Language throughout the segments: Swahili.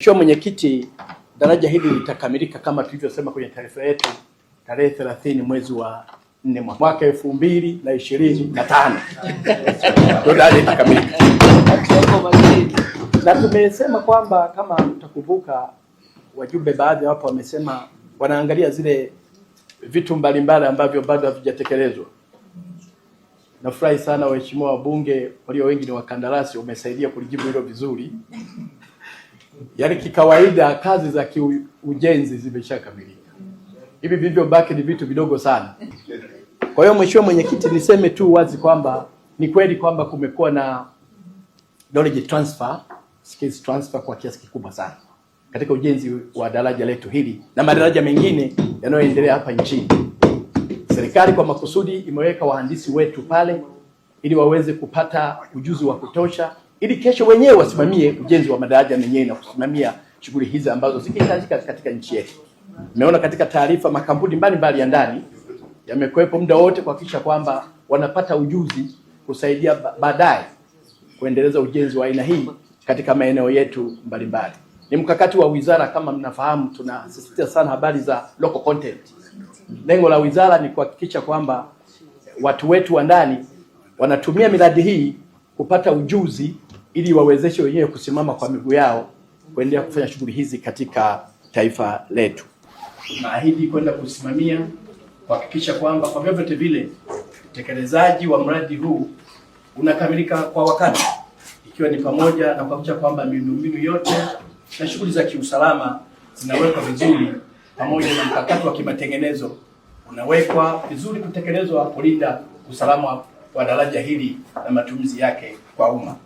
Mheshimiwa Mwenyekiti, daraja hili litakamilika kama tulivyosema kwenye taarifa yetu tarehe 30 mwezi wa 4 mwaka 2025. Ndio daraja litakamilika. Na tumesema kwamba kama mtakumbuka, wajumbe baadhi hapo wamesema wanaangalia zile vitu mbalimbali ambavyo bado havijatekelezwa. Nafurahi sana waheshimiwa wabunge walio wengi ni wakandarasi, wamesaidia kulijibu hilo vizuri. Yaani kikawaida kazi za kiujenzi zimeshakamilika, hivi vilivyobaki ni vitu vidogo sana. Kwa hiyo mheshimiwa mwenyekiti, niseme tu wazi kwamba ni kweli kwamba kumekuwa na knowledge transfer, skills transfer kwa kiasi kikubwa sana katika ujenzi wa daraja letu hili na madaraja mengine yanayoendelea hapa nchini. Serikali kwa makusudi imeweka wahandisi wetu pale ili waweze kupata ujuzi wa kutosha ili kesho wenyewe wasimamie ujenzi wa madaraja yenyewe na kusimamia shughuli hizi ambazo zikihitajika katika nchi yetu. Nimeona katika taarifa makampuni mbalimbali ya ndani yamekuwepo muda wote kuhakikisha kwamba wanapata ujuzi kusaidia baadaye kuendeleza ujenzi wa aina hii katika maeneo yetu mbalimbali. Ni mkakati wa wizara, kama mnafahamu, tunasisitiza sana habari za local content. Lengo la wizara ni kuhakikisha kwamba watu wetu wa ndani wanatumia miradi hii kupata ujuzi ili wawezeshe wenyewe kusimama kwa miguu yao kuendelea kufanya shughuli hizi katika taifa letu. Tunaahidi kwenda kusimamia kuhakikisha kwamba kwa vyovyote vile utekelezaji wa mradi huu unakamilika kwa wakati, ikiwa ni pamoja na kuhakikisha kwamba miundombinu yote na shughuli za kiusalama zinawekwa vizuri, pamoja na mkakati wa kimatengenezo unawekwa vizuri kutekelezwa kulinda usalama wa daraja hili na matumizi yake kwa umma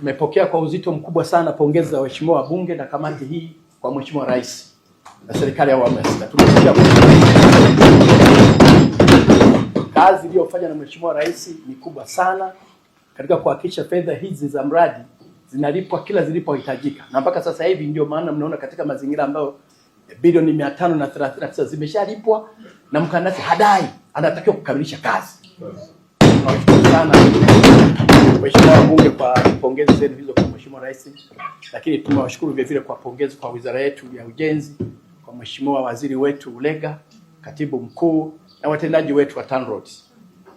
tumepokea kwa uzito mkubwa sana pongezi za waheshimiwa wabunge na kamati hii kwa Mheshimiwa Rais na serikali ya awamu ya sita. Kazi iliyofanya na Mheshimiwa Rais ni kubwa sana katika kuhakikisha fedha hizi za mradi zinalipwa kila zilipohitajika, na mpaka sasa hivi ndio maana mnaona katika mazingira ambayo bilioni mia tano na thelathini na tisa zimeshalipwa na mkandarasi hadai, anatakiwa kukamilisha kazi. Tunawashukuru sana. Mheshimiwa wabunge kwa pongezi zenu hizo kwa Mheshimiwa Rais, lakini tunawashukuru vile vile kwa pongezi kwa wizara yetu ya ujenzi, kwa Mheshimiwa waziri wetu Ulega, katibu mkuu na watendaji wetu wa TANROADS.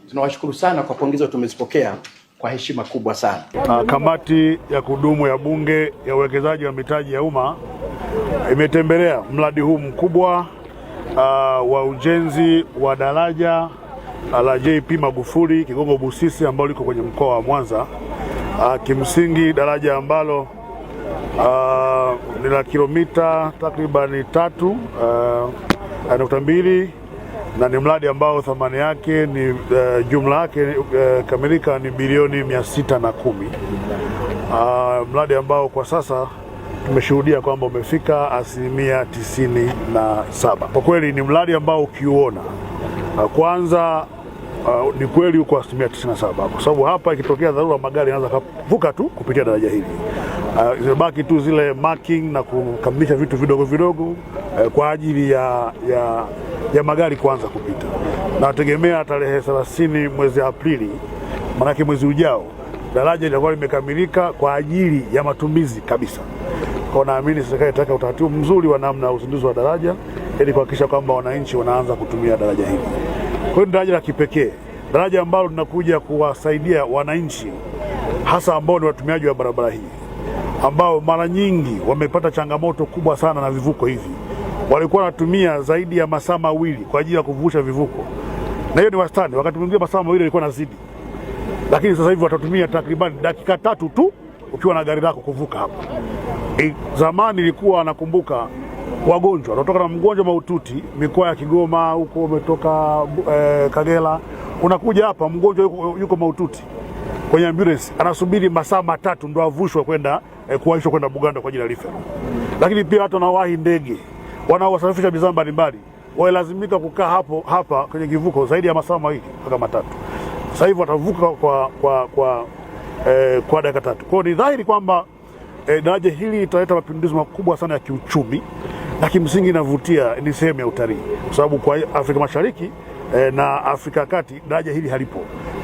Tunawashukuru sana kwa pongezi tumezipokea kwa heshima kubwa sana. Ah, kamati ya kudumu ya Bunge ya uwekezaji wa mitaji ya umma imetembelea mradi huu mkubwa uh, wa ujenzi wa daraja la JP Magufuli Kigongo Busisi ambalo liko kwenye mkoa wa Mwanza. Uh, kimsingi daraja ambalo uh, ni la kilomita takribani tatu uh, nukta mbili na ni mradi ambao thamani yake ni uh, jumla yake uh, kamilika ni bilioni mia sita na kumi. Uh, mradi ambao kwa sasa tumeshuhudia kwamba umefika asilimia tisini na saba. Kwa kweli ni mradi ambao ukiuona Ah, kwanza uh, ni kweli huko asilimia 97 kwa sababu hapa ikitokea dharura magari yanaweza kuvuka tu kupitia daraja hili. Uh, zimebaki tu zile marking na kukamilisha vitu vidogo vidogo uh, kwa ajili ya, ya, ya magari kuanza kupita. Nategemea tarehe 30 mwezi Aprili, maanake mwezi ujao daraja litakuwa limekamilika kwa ajili ya matumizi kabisa. Kwa naamini serikali itaweka utaratibu mzuri wa namna ya uzinduzi wa daraja ili kuhakikisha kwamba wananchi wanaanza kutumia daraja hili. Kwa hiyo ni daraja la kipekee, daraja ambalo linakuja kuwasaidia wananchi hasa ambao ni watumiaji wa barabara hii ambao mara nyingi wamepata changamoto kubwa sana na vivuko hivi. Walikuwa wanatumia zaidi ya masaa mawili kwa ajili ya kuvusha vivuko, na hiyo ni wastani. Wakati mwingine masaa mawili ilikuwa nazidi, lakini sasa hivi watatumia takribani dakika tatu tu ukiwa na gari lako kuvuka hapa. E, zamani ilikuwa nakumbuka wagonjwa wanaotoka na mgonjwa mahututi mikoa ya Kigoma huko umetoka eh, Kagera, unakuja hapa mgonjwa yuko, yuko mahututi kwenye ambulance anasubiri masaa matatu ndo avushwe kwenda eh, kuwaishwa kwenda Buganda kwa ajili ya referral. Lakini pia watu wanawahi ndege wanaosafirisha bidhaa mbalimbali walazimika kukaa hapo hapa kwenye kivuko zaidi ya masaa mawili mpaka matatu. Sasa hivi watavuka kwa, kwa, kwa, eh, kwa dakika tatu. Kwa hiyo ni dhahiri kwamba e, daraja hili italeta mapinduzi makubwa sana ya kiuchumi na kimsingi inavutia, ni sehemu ya utalii, kwa sababu kwa Afrika Mashariki e, na Afrika ya Kati daraja hili halipo,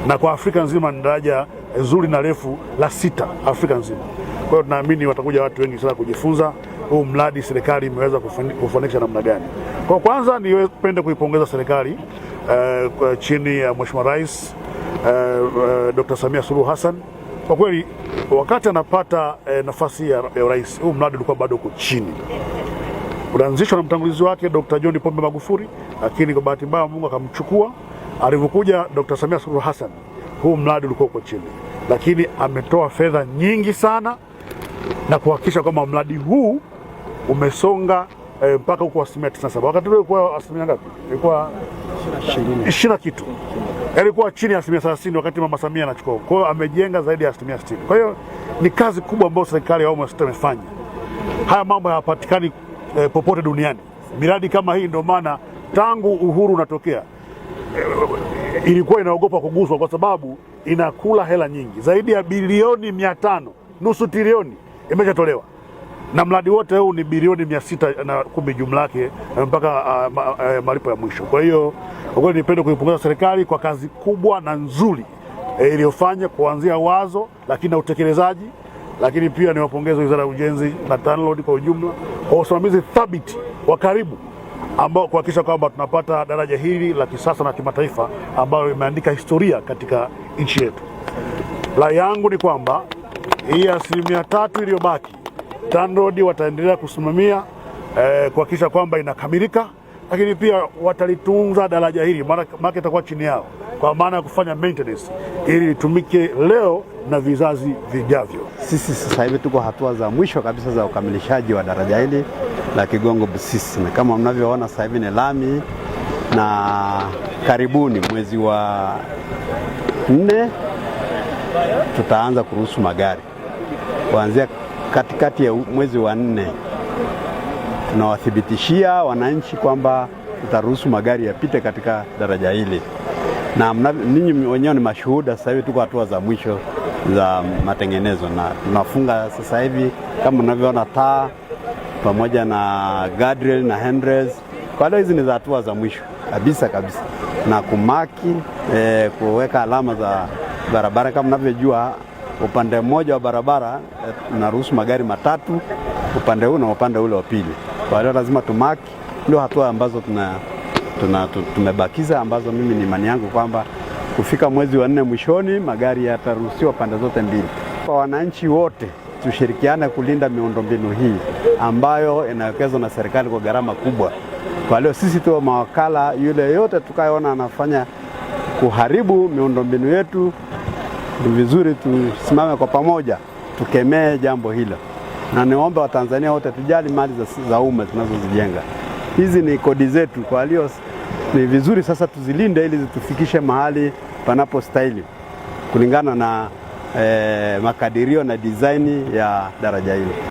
na kwa Afrika nzima ni daraja eh, zuri na refu la sita Afrika nzima. Kwa hiyo tunaamini watakuja watu wengi sana kujifunza huu mradi serikali imeweza kufanikisha namna gani. Kwa kwanza, nipende kuipongeza serikali uh, chini ya Mheshimiwa Rais uh, uh, Dr. Samia Suluhu Hassan kwa kweli wakati anapata e, nafasi ya, ya urais huu mradi ulikuwa bado uko chini, ulianzishwa na mtangulizi wake Dr. John Pombe Magufuli, lakini kwa bahati mbaya Mungu akamchukua. Alivyokuja Dr. Samia Suluhu Hassan, huu mradi ulikuwa uko chini, lakini ametoa fedha nyingi sana na kuhakikisha kwamba mradi huu umesonga e, mpaka huko asilimia 97. Wakati ule asilimia ngapi? Ilikuwa ishirini na kitu yalikuwa chini ya asilimia thelathini wakati Mama Samia anachukua. Kwa hiyo amejenga zaidi ya asilimia sitini. Kwa hiyo ni kazi kubwa ambayo serikali ya awamu ya sita imefanya. Haya mambo hayapatikani eh, popote duniani, miradi kama hii. Ndio maana tangu uhuru unatokea eh, ilikuwa inaogopa kuguswa, kwa sababu inakula hela nyingi, zaidi ya bilioni mia tano, nusu trilioni imeshatolewa na mradi wote huu ni bilioni mia sita na kumi jumla yake eh, mpaka uh, uh, malipo ya mwisho. Kwa hiyo kwa kweli nipende kuipongeza serikali kwa kazi kubwa na nzuri e, iliyofanya kuanzia wazo lakini na utekelezaji, lakini pia niwapongeze Wizara ya Ujenzi na TANROADS kwa ujumla kwa usimamizi thabiti wa karibu ambao kuhakikisha kwamba tunapata daraja hili la kisasa na kimataifa ambayo imeandika historia katika nchi yetu. la yangu ni kwamba hii asilimia tatu iliyobaki TANROADS wataendelea kusimamia eh, kuhakikisha kwamba inakamilika lakini pia watalitunza daraja hili, maana itakuwa chini yao, kwa maana ya kufanya maintenance ili litumike leo na vizazi vijavyo. Sisi sasa hivi tuko hatua za mwisho kabisa za ukamilishaji wa daraja hili la Kigongo Busisi, na kama mnavyoona sasa hivi ni lami, na karibuni mwezi wa nne tutaanza kuruhusu magari kuanzia katikati ya mwezi wa nne tunawathibitishia wananchi kwamba tutaruhusu magari yapite katika daraja hili, na ninyi wenyewe ni mashuhuda. Sasa hivi tuko hatua za mwisho za matengenezo na tunafunga sasa hivi kama unavyoona taa pamoja na guardrail na handrails. Kwa leo hizi ni za hatua za mwisho kabisa kabisa, na kumaki eh, kuweka alama za barabara. Kama unavyojua upande mmoja wa barabara eh, unaruhusu eh, magari matatu upande huu na upande ule wa pili. Kwa hiyo lazima tumaki, ndio hatua ambazo tuna, tuna, tumebakiza ambazo mimi ni imani yangu kwamba kufika mwezi wa nne mwishoni magari yataruhusiwa pande zote mbili. Kwa wananchi wote tushirikiane kulinda miundombinu hii ambayo inawekezwa na serikali kwa gharama kubwa. Kwa leo sisi tuwe mawakala, yule yote tukayeona anafanya kuharibu miundombinu yetu, ni vizuri tusimame kwa pamoja, tukemee jambo hilo na niwaombe Watanzania wote tujali mali za, za umma tunazozijenga. Hizi ni kodi zetu, kwa hiyo ni vizuri sasa tuzilinde ili zitufikishe mahali panapostahili kulingana na eh, makadirio na design ya daraja hilo.